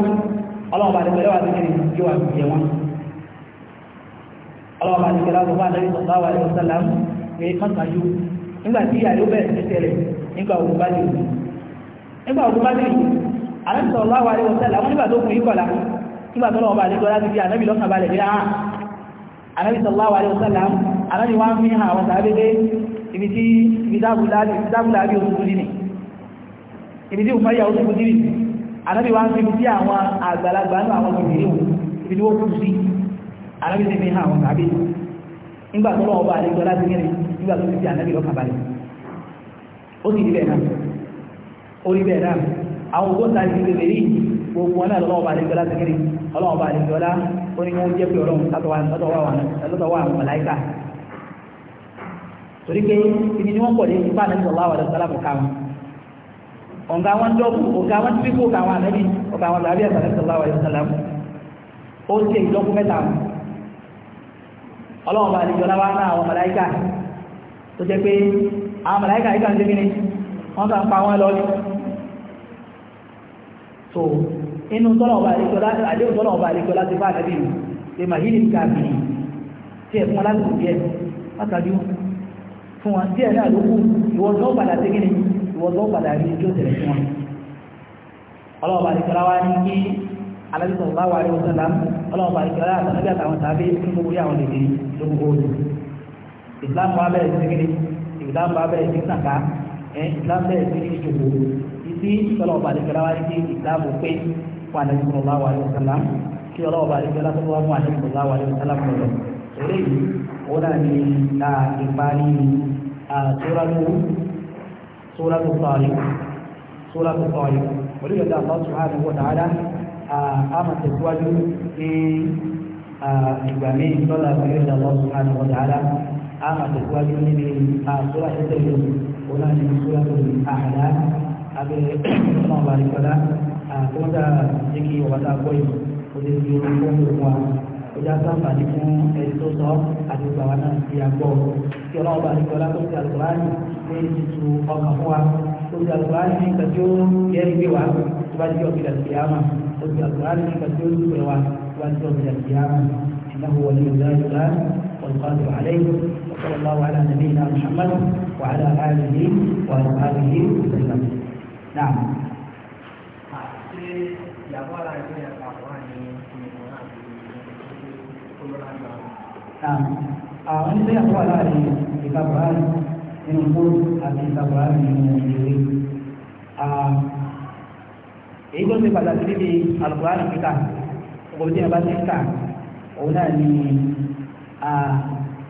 ọlọ́ọba àdìgbẹ́lá wà ọlọ́wọ́ bá ti kẹ́lá gbogbo àdáyé sọ̀tọ́ àwọn àdéhùn sálàm pé kọ́ńtàjú nígbà tí ìyá yóò bẹ̀rẹ̀ sí tẹ̀lẹ̀ nígbà ogun bá dé nígbà ogun bá dé àdáyé sọ̀tọ́ àwọn àdéhùn sálàm nígbà tó kún ìkọ̀lá nígbà tó lọ́wọ́ bá dé gbọ́dá ti di ànábì lọ́kàn balẹ̀ bí áhà ah, ànábì sọ̀tọ́ àwọn àdéhùn sálàm ànábì wá ń fi hàn àwọn sàbẹ́dẹ́ ibi tí ibi dábùlà bí oṣù dínì ibi tí òmọ́yà oṣù dínì ànábì wá ń fi ibi tí àwọn àgbàlagbà náà àwọn kìdìrí ibi tí wọ́n kú sí arábí ti fi hàn àwọn kàbí nígbà tó lọ́wọ́ bá àlejò láti ní nígbà tó ti fi ànábì lọ́kàn balẹ̀ ó sì rí bẹ́ẹ̀ náà ó rí bẹ́ẹ̀ náà àwọn ògbóǹta ti fi bèèrè gbogbo wọn náà lọ́wọ́ bá àlejò láti ní ọlọ́wọ́ bá àlejò lá ó ní wọ́n jẹ́ pé ọlọ́run látọwọ́ àwọn màláíkà torí pé ibi ni wọ́n pọ̀ dé ipá ànábì sallallahu alaihi wasallam káwọn ọ̀gá wọn dọ́kù ó ń ṣe ìdọ́kù mẹ́ta ọlọ́run bá àlejò láwá náà àwọn màláíkà tó jẹ́ pé àwọn màláíkà yíkà ń jẹ́ gíní wọ́n kàn pa wọ́n lọ́lẹ̀ so inú àdéhùn tọ́lọ̀ọ̀bá àlejò láti bá àdẹ́bì lè mà yìí nìkà bì í tí ẹ̀ fún aláàbò díẹ̀ látàdí fún wọn tí ẹ̀ náà ló kù ìwọ̀n tó padà sí gíní ìwọ̀n tó padà rí tó tẹ̀lé fún wọn ọlọ́ọ̀bá àlejò láwá ní kí alábìsọ̀ bá wà ní ọ̀sán lám ọlọ́run bá ìkẹ́lá àtàlẹ́bí àtàwọn tàbí ní gbogbo yà wọn lè dé lóko olù islam bá bẹ̀rẹ̀ sí kiri islam bá bẹ̀rẹ̀ sí sàká ẹ̀ islam bẹ̀rẹ̀ sí kiri jòkó ìsí ọlọ́run bá ìkẹ́lá wá sí islam pé fún alábìsọ̀ bá wà ní ọ̀sán lám kí ọlọ́run bá ìkẹ́lá tó wá àmà tẹ̀síwájú ní ìgbà míì lọ́la pẹ̀lú ìdàgbọ́ subhanahu wa ta'ala àmà tẹ̀síwájú níbi àtúrà ẹ̀sẹ̀ yìí òun náà ní ìṣúra tó ní àhàdá abẹ́ ọmọ àbáríkọ́lá àkọ́ńdà jẹ́ kí ọ̀bá tá a kọ́ yìí ó lè fi orúkọ fún wa ó já sáǹfààní fún ẹni tó sọ àti gbàwá náà ti àgbọ̀ kí ọlọ́ọ̀bá àbáríkọ́lá tó ti àlùkò láàyè ní ìtìtù ọkàn fún wa oṣù àgbáyé ní kàtí ó yẹ ìgbé wa tó bá jẹ́ ọ̀gbìn àti àmà oṣù àgbáyé ní kàtí ó lùpẹ̀ wa tó bá jẹ́ ọ̀gbìn àti àmà ìnáwó wọlé ìdájọ́ والقادر عليه وصلى الله على نبينا محمد وعلى اله واصحابه وسلم نعم نعم àwọn ilé ẹ̀kọ́ aláàrin ìgbàgbọ́ àárín nínú fún àti ìtàkùrá nínú ìwé. èyí tó ṣe pàtàkì níbi àlùkùrá kíkà ọkùnrin tí a bá ti kà òun náà ni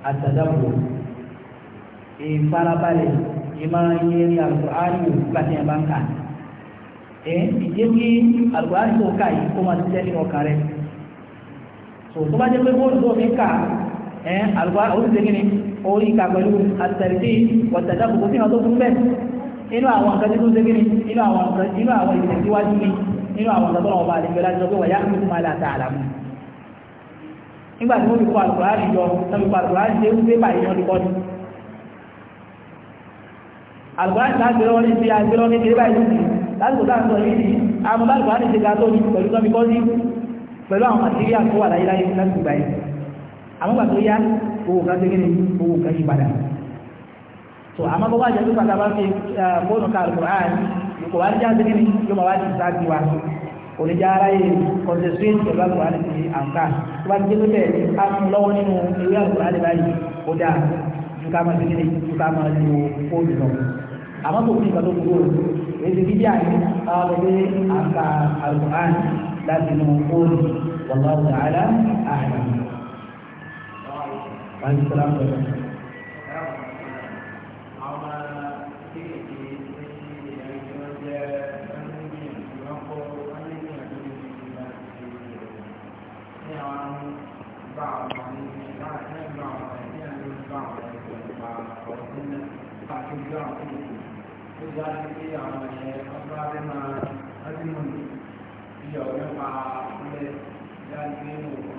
àtàdàpọ̀ ìfarabalẹ̀ ìmọ̀ ìyẹn àlùkùrá nínú kíkà tí a bá ń kà ìjẹ́ kí àlùkùránì tó ká yìí kó máa ti tẹ́ ní ọkàn rẹ̀ tó tó bá jẹ́ pé bóòlù tó fi ká àlùkùránì ó ti tẹ́ kí ni orí ìka pẹ̀lú àtẹ̀rẹ̀tì ọ̀tẹ̀dá gbogbo fíhàn tó fún bẹ́ẹ̀ inú àwọn nǹkan títún ṣe kíni inú àwọn nǹkan inú àwọn ìtẹ̀síwájú ni inú àwọn nǹkan tó lọ́wọ́ bá lè gbé láti sọ pé wà yá kí kúmọ̀ àlà tààlà mu. nígbà tí wọ́n fi kọ́ àlùkùránì jọ tọ́bi kọ́ àlùkùránì ṣe wípé báyìí wọ́n ti kọ́ ni. àlùkùránì ta gbé lọ́wọ́ ní ti agbé lọ́wọ́ ní ti báyìí ní lásìkò tá à ń sọ tó ní pẹ̀lú tọ́bi kọ́ sí yá owó kan tẹ́gẹ́ ní owó kan yí padà so àmọ́ bọ́ bá jẹ́ tó padà bá fi fóònù ká alukur'an kò wá ní já tẹ́gẹ́ ní yóò máa wá ti sá ti wa kò ní já ara yẹ concentrate pẹ̀lú alukur'an ti àǹkà tó bá ti dé lóbẹ̀ á fún lọ́wọ́ nínú ewé alukur'an báyìí ó dáa ju ká máa tẹ́gẹ́ ní ju ká máa lo fóònù lọ àmọ́ tó kún ìgbà kúrò èdè bíbí àyè báwo lè àǹkà alukur'an láti nù fóònù wàllu àlá àhàlà. Báyìí sọ́lá ń bẹ̀rẹ̀. Thank you.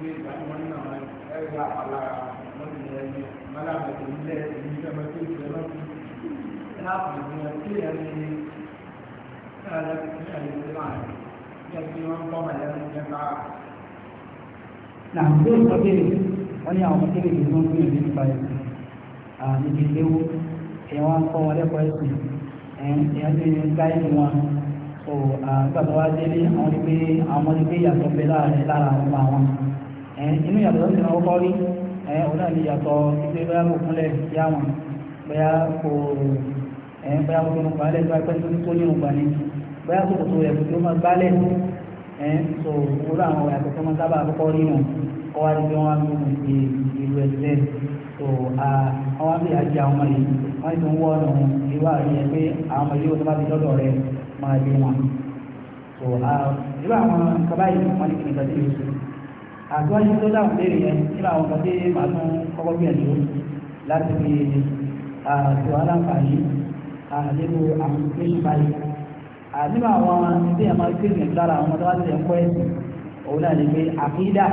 Nàà tó sọ bẹ́ẹ̀ wọ́n ní àwọn kéèkéé tó ń gbìyànjú nípa ẹ̀sìn níbi léwu èèyàn wá ń kọ́ wọn lẹ́kọ̀ọ́ ẹ̀sìn èèyàn ti ń gbá ìlú wọn so nígbà tó wá délé àwọn ní pé àwọn ní pé ìyàtọ̀ bẹ láàrin lára àwọn àwọn inú yàtọ̀ lọ́sẹ̀ náà kọ́ rí òun náà ni yàtọ̀ ìgbé bóyá kò kúnlẹ̀ yá wọn bóyá kò bóyá kò tó balẹ̀ bóyá pẹ́ tó ní ògbà ni bóyá kò tó yẹ kò tó máa balẹ̀ so wúrọ̀ àwọn ọ̀yà tó tó máa sábà kọ́ rí nù kọ́ wá níbi wọn mú ìlú ẹ̀sẹ̀ so àwọn àbí àjẹ àwọn ọmọ yìí wọ́n ti ń wọ́ ọ̀nà ìwà rẹ̀ pé àwọn ọmọ yìí ó tó so ìwà àwọn kaba yìí wọ́n ní kí àgbáyé tó dáhùn léèrè yẹn nínú àwọn ọmọdé máa tún kọ́kọ́ gbìyànjú láti fi àtò aláǹfààní àlébù àwọn méjì báyìí. àlébù àwọn ilé ẹ̀ma kéwìn lára àwọn ọmọdé wá ti ẹ̀kọ́ ẹ̀sìn òun náà ní pé àkídà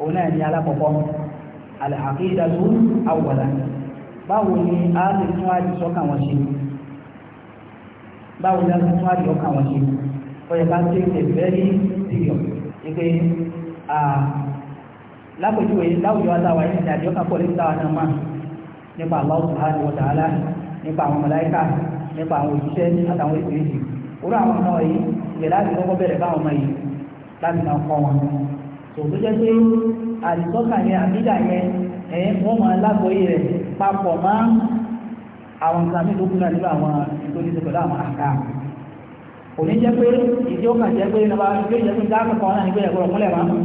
òun náà ní alákọ̀ọ́kọ́ àkídà tó àwọ̀dà báwo ni a lè tún àdìsọ́ kà wọ́n ṣe báwo ni a lè tún àdìsọ́ kà wọ́n ṣe ó yẹ ká tẹ̀lé very serious lápòjúwe láwùjọ àtàwà yìí ní àjọ kápọ̀ lè táwọn náà máa nípa Allah subhanahu wa ta'ala nípa àwọn màláíkà nípa àwọn òṣìṣẹ́ àtàwọn ìpèsè orú àwọn ọmọ yìí ìgbẹ̀ láti kọ́kọ́ bẹ̀rẹ̀ báwọn ọmọ yìí láti máa kọ́ wọn tó jẹ́ pé àdìsọ́kà yẹn àbídà yẹn ẹ̀ wọ́n máa lágbóyè rẹ̀ papọ̀ máa àwọn ìsàmì náà nínú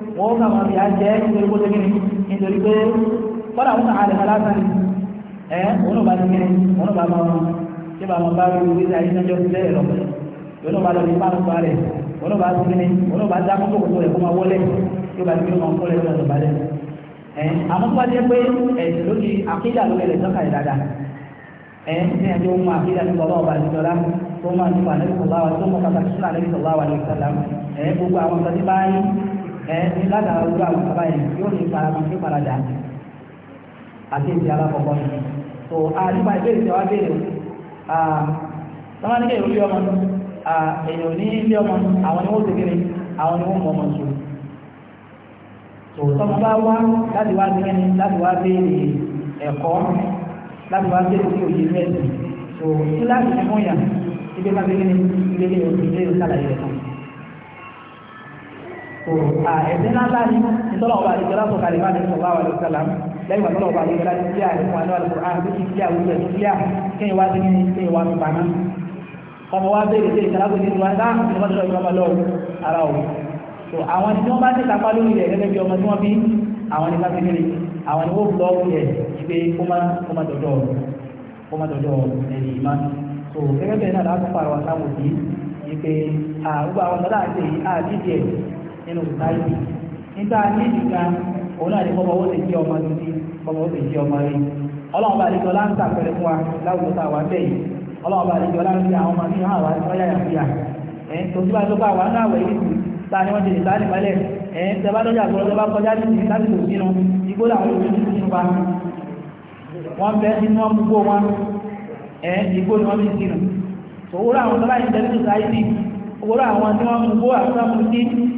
wọ́n kà máa fi àjẹ́ nítorí kó tẹ́gẹ́ nítorí pé kọ́dà wọn kà á lè fa lásán ni ẹ̀ wọn ò bá ti kẹ́ni wọn ò bá máa wọn ṣé bá wọn bá rí orí ayé nájọ́ ti lẹ́yìn lọ wọn ò bá lọ ní pàánù pa rẹ̀ wọn ò bá ti kẹ́ni wọn ò bá dá kókó kókó rẹ̀ kó máa wọlé yóò bá ti kẹ́ni wọn kó lẹ́ lọ́dọ̀ balẹ̀ ẹ̀ àmọ́ tó bá jẹ́ pé ẹ̀sìn lórí àkídà ló lẹ̀ tọ́ka ìdada ẹ̀ ní ẹjọ́ mú àkídà ní bọ́lá ọba àdìjọ́lá tó máa nípa àlẹ́ ìsọ̀láwà tó mọ̀ pàtàkì ẹ ní ládàá ojú àwọn bàbá yẹn yóò ní ipa ní ìparadà àti èsì alákọ̀ọ́kọ́ ni tó a nípa ìbéèrè tí wọ́n béèrè o tọ́wọ́n ní kéèrè orí ọmọ èèyàn ní ilé ọmọ àwọn ni wọ́n ti kéré àwọn ni wọ́n mọ ọmọ sùn tó tọ́mọ bá wá láti wá sí ẹni láti wá béèrè ẹ̀kọ́ láti wá béèrè sí òye mẹ́sì tó kí láti ní mú yà ilé bá béèrè ilé ilé òṣèlú sálàyé rẹ̀ kò ẹ̀sẹ̀ náà láàyè ìtọ́lọ̀ ọba àdìgbẹ́lá tó kalẹ̀ máa ní sọ̀rọ̀ àwọn àlùkò sàlám lẹ́yìn ìgbàlọ́lọ̀ ọba àdìgbẹ́lá ti kíá ẹ̀fún àlọ́ àlùkò àbí ti kíá òwúrọ̀ ti kíá kéyìn wá sí ní kéyìn wá mi pàmò. ọmọ wa béèrè pé ìsàlágbé ti wá dá ìwọ́n tó ìwọ́n lọ ara o. tó àwọn tí wọ́n bá ti tapá lórí rẹ̀ gẹ́gẹ́ bí ọmọ tí wọ́n bí àwọn ni káfí nílé àwọn ni wọ́n bú lọ́wọ́ rẹ̀ pé kó má dọ̀dọ̀ kó má dọ̀dọ̀ ẹ̀yìn ìmá. tó gẹ́gẹ́ bẹ́ẹ̀ náà láti pàrọ̀ àtàwọn òbí yìí pé àwọn ọmọdé àti àdídì ẹ̀ nínú sòsáìtì níta ní ìdíga òun náà ní bọ́bọ̀ ó ti jẹ́ ọmọ gidi bọ́bọ̀ ó ti jẹ́ ọmọ rí ọlọ́run bá àdéjọ láǹtà pẹ̀lú fún wa láwùjọ wà bẹ́ẹ̀ ọlọ́run bá àdéjọ láǹtà àwọn ọmọ nínú àwọn àti ọyà ẹ̀ tó tí bá tó bá wà náà wẹ̀ yìí ta ni wọ́n ti lè sáà nípalẹ̀ ẹ̀ tẹ́bá lọ́jà gbọ́dọ̀ tẹ́bá kọjá ní ìsìn láti sínú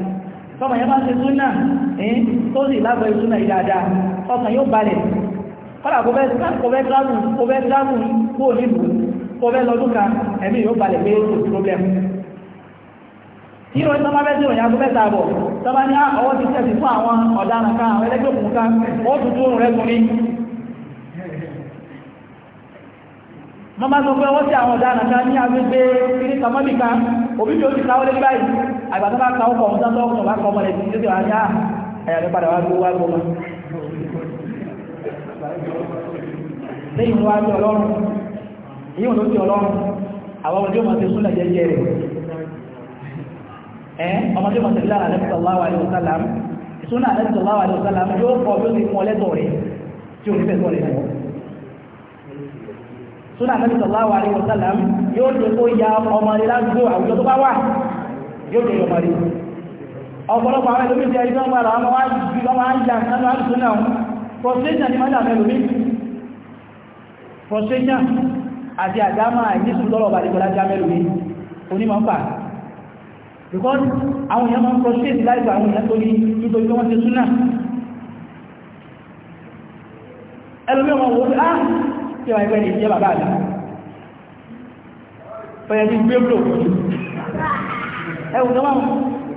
tọ́mọ̀ yẹn bá ṣe súnà ẹ̀yìn tó sì lágbẹ̀ẹ́ súnà ìdáadáa ọkàn yóò balẹ̀ kọ́lá kò fẹ́ travel kò fẹ́ travel kó o nílùú kò fẹ́ lọ́dún kan ẹ̀mí yóò balẹ̀ pé kò sí problem nínú ìtọ́ máa bẹ́sẹ̀ ìròyìn agbẹ́ta àbọ̀ tọ́bá ní ah, ọwọ́ ti tẹ́sì fún àwọn ọ̀daràn kan àwọn ẹlẹ́gbẹ̀kùn kan ó tuntun rẹ̀ kùnrin mọ́ máa sọ pé wọ́n sí àwọn ọ̀daràn kan ní agbègbè kiri kọmọ́bì kan òbí mi ò ti káwọ́ lé báyìí àgbà tó bá káwọ́ kọ̀ ọ̀hún tó ọkùnrin bá kọ́ ọmọ rẹ̀ sí ìdíje wáyé ah, ẹ̀yà mi padà wá gbó wá gbó wọn. lẹ́yìn wá ní ọlọ́run èyí wọn ló ti ọlọ́run àwọn ọmọdé ọmọ ti súnlẹ̀ jẹ́jẹ́ rẹ̀ ẹ̀ ọmọdé ọmọ ti lára lẹ́pẹ̀tọ̀ láwà ní ọ̀sálàm ìsúnà lẹ́pẹ̀tọ̀ láwà ní ọ̀sálàm yóò súnà nàbí sallallahu alaihi wasallam yóò jẹ́ kó ya ọmọ rẹ̀ lágbó àwùjọ tó bá wà yóò jẹ́ ọmọ rẹ̀ ọ̀pọ̀lọpọ̀ àwọn ẹlòmí ti ẹni tó ń gbára ọmọ wá jù lọ́mọ á ń jà nínú àdùsùn náà frustration ni mọ́jà mẹ́lòmí frustration àti àdámà ìdísùn lọ́rọ̀ bàdìkọ̀ lájá mẹ́lòmí onímọ̀ ń fà because àwọn èèyàn máa ń frustrate láìpé àwọn èèyàn tó ní nítorí tó wọ́n ti súnà ẹlòmí ọmọ wò ó ah, tí wọ́n ẹgbẹ́ ní ìjẹ́ bàbá àdá ọ̀yẹ́ ti gbé blò ẹwù tó máa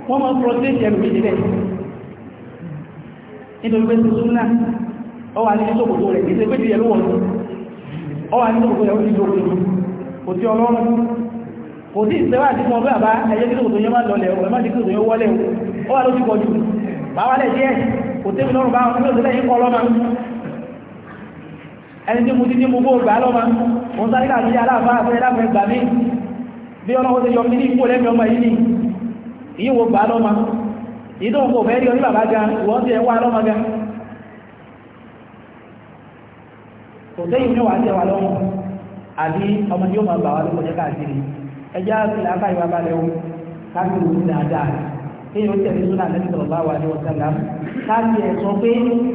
wọ́n máa protect ẹ̀rù méjì rẹ̀ nítorí pé tuntun náà ọ wà ní ìṣòkòtò rẹ̀ pé ìyẹ̀ ọ wà ní ìṣòkòtò rẹ̀ ó ti lò kò tí ọlọ́run kò sí ìṣẹ́wà ẹni tí mo ti ní gbogbo ògbà lọ́mà òun sáré kàtí aláàfà àfẹ́ láfẹ́ gbà mí bí ọlọ́wọ́ ti yọ mí ní ipò lẹ́mí ọmọ yìí ni ìyí wo gbà lọ́mà ìdó òun kò fẹ́ rí orí bàbá ga ìwọ́n ti ẹwà lọ́mà ga kò sẹ́yìn ní wàá tẹwà lọ́mọ àbí ọmọ tí ó máa gbà wá lóko jẹ́ káàkiri ẹjá sílẹ̀ afá ìwà balẹ̀ o káàkiri òun dáadáa kéèyàn tẹ̀lé sọ́nà àlẹ́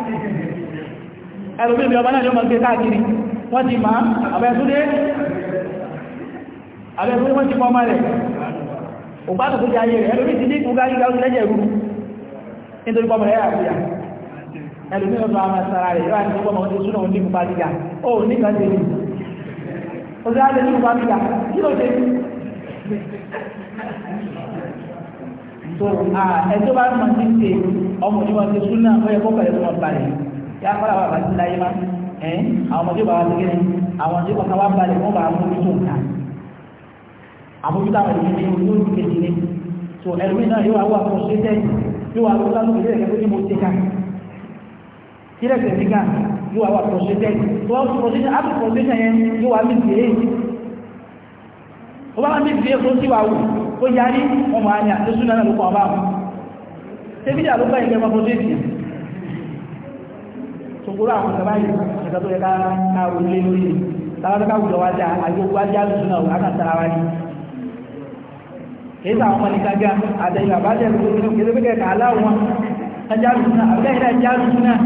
ẹlòmí ìbí ọba náà yóò máa gbé káàkiri wọ́n ti máa àbẹ́túndé àbẹ́túndé wọ́n ti mọ́ ọmọ rẹ̀ ògbádùn tó jẹ́ ayé rẹ̀ ẹlòmí ti dínkù gáyí gáyí lẹ́jẹ̀ rú nítorí pọ́mọ̀ rẹ̀ àbúyà ẹlòmí ọ̀tọ̀ àmà sára rẹ̀ yóò àti pọ́mọ̀ ọdún súnà òní kúpa gíga ó ní kan tèmi ó sì á lè ní kúpa gíga kí ló dé tó à ẹ tó ọmọ ìwọ̀n ọmọ balẹ̀ yá kọ́lá bàbá ti láyé má ẹ́ àwọn ọmọdé bàbá ti kéde àwọn ọmọdé kọ̀ọ̀kan wá balẹ̀ wọ́n bá mójútó nǹkan àmójútó àwọn ìdílé ní ojú kejì ni so ẹlòmíì náà yóò wá wà fún ṣe tẹ́ yóò wá lọ́wọ́ lọ́wọ́ ìdílé kẹ́kọ́ ní mo ti ká kílẹ̀ tẹ̀sí ká yóò wá wà fún ṣe tẹ́ tó wá fún ṣe àpò fún ṣe yẹn yóò wá mí gbé ó bá wá mí gbé fún síwá wù ó yarí ọmọ àyà tó súnà náà ló kọ́ ọ gbogbo àwọn ìjọba yìí ẹ̀ka tó yẹ ká káwọ ilé lórí ni táwọn ká wùdọ̀ wá dá àgbègbè wá já lùsùn náà àgbà tara wa ni. èyí àwọn ọmọ nìkan gá àtẹ̀yìn bàbá jẹ́ kéde pé kẹ̀kẹ́ aláwọ̀ wọn ká já lùsùn náà àbẹ́ ìdá já lùsùn náà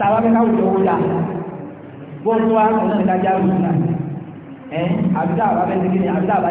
táwọn ká wùdọ̀ wó dá gbogbo wa kò náà ká já lùsùn náà ẹ̀ àbídá àbá